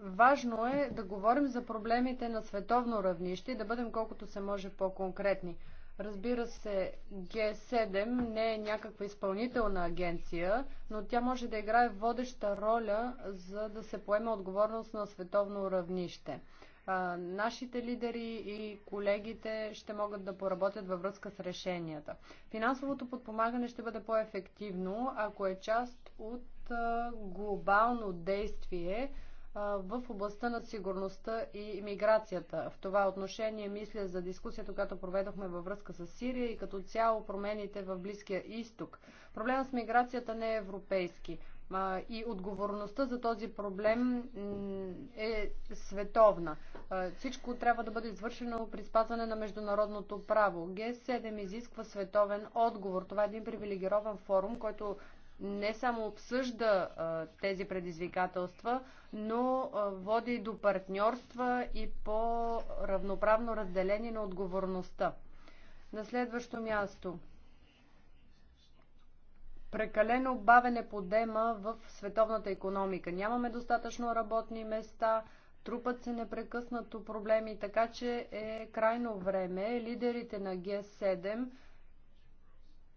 Важно е да говорим за проблемите на световно равнище и да бъдем колкото се може по-конкретни. Разбира се, Г7 не е някаква изпълнителна агенция, но тя може да играе водеща роля, за да се поеме отговорност на световно равнище. А, нашите лидери и колегите ще могат да поработят във връзка с решенията. Финансовото подпомагане ще бъде по-ефективно, ако е част от а, глобално действие, в областта на сигурността и иммиграцията. В това отношение мисля за дискусията, която проведохме във връзка с Сирия и като цяло промените в Близкия изток. Проблемът с миграцията не е европейски. И отговорността за този проблем е световна. Всичко трябва да бъде извършено при спазване на международното право. Г7 изисква световен отговор. Това е един привилегирован форум, който не само обсъжда а, тези предизвикателства, но а, води до партньорства и по-равноправно разделение на отговорността. На следващо място. Прекалено бавене подема в световната економика. Нямаме достатъчно работни места, трупат се непрекъснато проблеми, така че е крайно време лидерите на Г7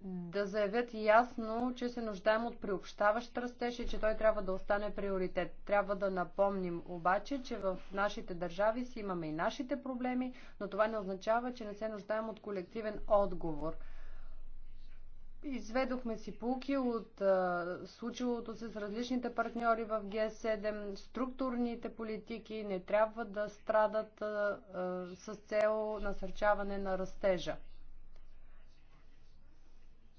да заявят ясно, че се нуждаем от приобщаващ растеж и че той трябва да остане приоритет. Трябва да напомним обаче, че в нашите държави си имаме и нашите проблеми, но това не означава, че не се нуждаем от колективен отговор. Изведохме си полки от а, случилото се с различните партньори в Г7. Структурните политики не трябва да страдат а, а, с цел насърчаване на растежа.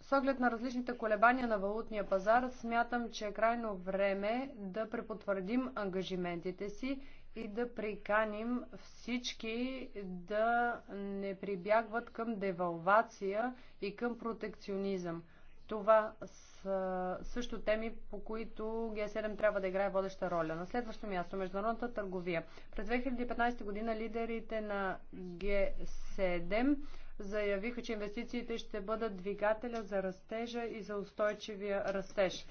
С оглед на различните колебания на валутния пазар, смятам, че е крайно време да препотвърдим ангажиментите си и да приканим всички да не прибягват към девалвация и към протекционизъм. Това са също теми, по които Г7 трябва да играе водеща роля. На следващо място международната търговия. През 2015 година лидерите на Г7 заявиха, че инвестициите ще бъдат двигателя за растежа и за устойчивия растеж.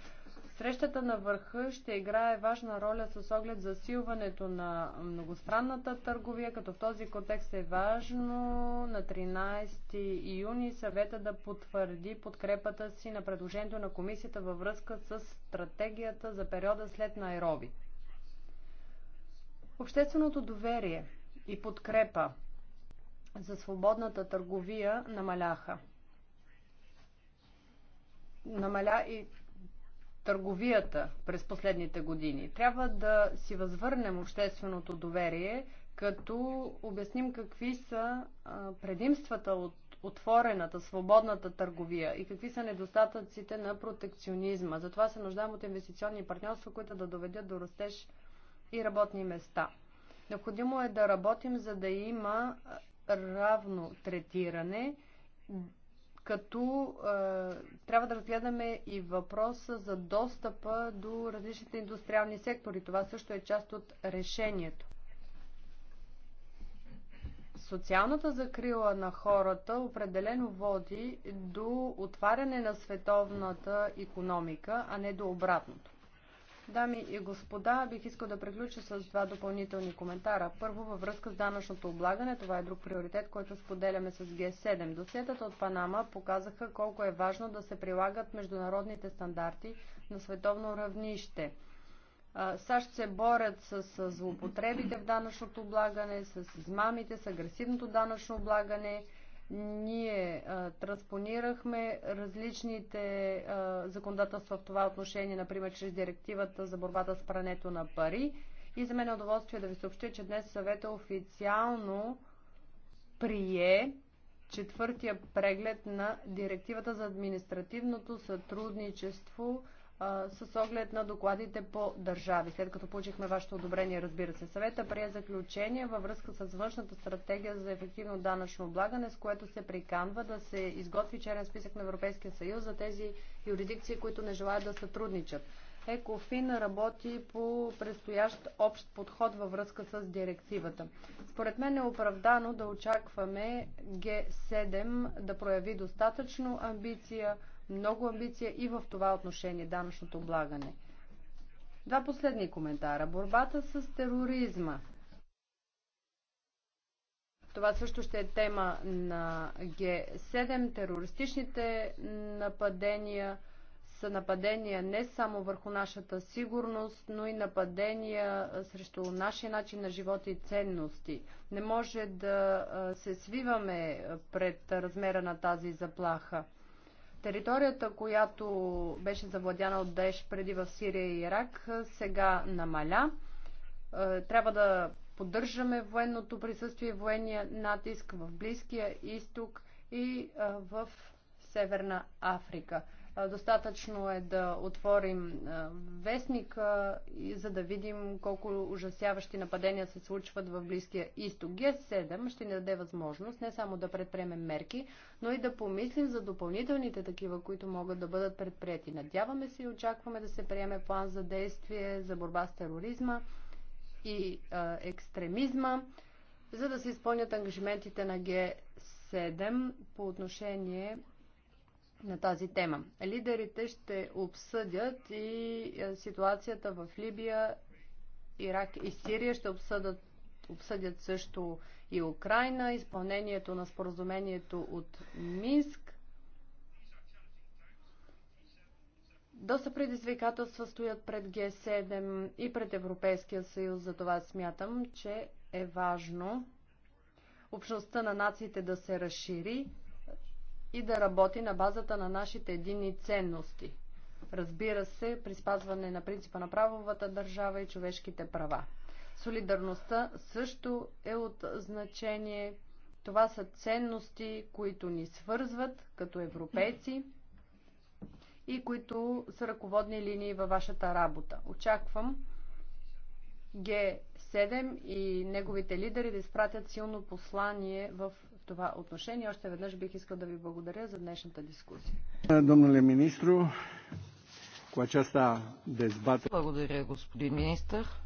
Срещата на върха ще играе важна роля с оглед засилването на многостранната търговия, като в този контекст е важно на 13 юни съвета да потвърди подкрепата си на предложението на комисията във връзка с стратегията за периода след Найроби. Общественото доверие и подкрепа за свободната търговия намаляха. Намаля и търговията през последните години. Трябва да си възвърнем общественото доверие, като обясним какви са предимствата от отворената, свободната търговия и какви са недостатъците на протекционизма. Затова се нуждаем от инвестиционни партньорства, които да доведят до растеж и работни места. Необходимо е да работим, за да има равно третиране, като е, трябва да разгледаме и въпроса за достъпа до различните индустриални сектори. Това също е част от решението. Социалната закрила на хората определено води до отваряне на световната економика, а не до обратното. Дами и господа, бих искал да приключа с два допълнителни коментара. Първо, във връзка с данъчното облагане, това е друг приоритет, който споделяме с Г7. Досетата от Панама показаха колко е важно да се прилагат международните стандарти на световно равнище. САЩ се борят с злоупотребите в данъчното облагане, с измамите, с агресивното данъчно облагане ние а, транспонирахме различните а, законодателства в това отношение, например чрез директивата за борбата с прането на пари. И за мен е удоволствие да ви съобщя, че днес съвета официално прие четвъртия преглед на директивата за административното сътрудничество а, с оглед на докладите по държави, след като получихме вашето одобрение, разбира се. Съвета прие заключение във връзка с външната стратегия за ефективно данъчно облагане, с което се приканва да се изготви черен списък на Европейския съюз за тези юрисдикции, които не желаят да сътрудничат. ЕКОФИН работи по предстоящ общ подход във връзка с директивата. Според мен е оправдано да очакваме Г7 да прояви достатъчно амбиция, много амбиция и в това отношение данъчното облагане. Два последни коментара. Борбата с тероризма. Това също ще е тема на Г7. Терористичните нападения са нападения не само върху нашата сигурност, но и нападения срещу нашия начин на живота и ценности. Не може да се свиваме пред размера на тази заплаха. Територията, която беше завладяна от Даеш преди в Сирия и Ирак, сега намаля. Е, трябва да поддържаме военното присъствие, военния натиск в Близкия изток и е, в Северна Африка. Достатъчно е да отворим вестника, за да видим колко ужасяващи нападения се случват в Близкия изток. Г7 ще ни даде възможност не само да предприемем мерки, но и да помислим за допълнителните такива, които могат да бъдат предприяти. Надяваме се и очакваме да се приеме план за действие за борба с тероризма и а, екстремизма, за да се изпълнят ангажиментите на Г7 по отношение на тази тема. Лидерите ще обсъдят и е, ситуацията в Либия, Ирак и Сирия. Ще обсъдят, обсъдят също и Украина, изпълнението на споразумението от Минск. Доста предизвикателства стоят пред Г7 и пред Европейския съюз, затова смятам, че е важно общността на нациите да се разшири и да работи на базата на нашите единни ценности. Разбира се, при спазване на принципа на правовата държава и човешките права. Солидарността също е от значение. Това са ценности, които ни свързват като европейци и които са ръководни линии във вашата работа. Очаквам Г7 и неговите лидери да изпратят силно послание в това отношение. Още веднъж бих искал да ви благодаря за днешната дискусия. Домнале министру, cu aceasta dezbatere. Благодаря, господин министър.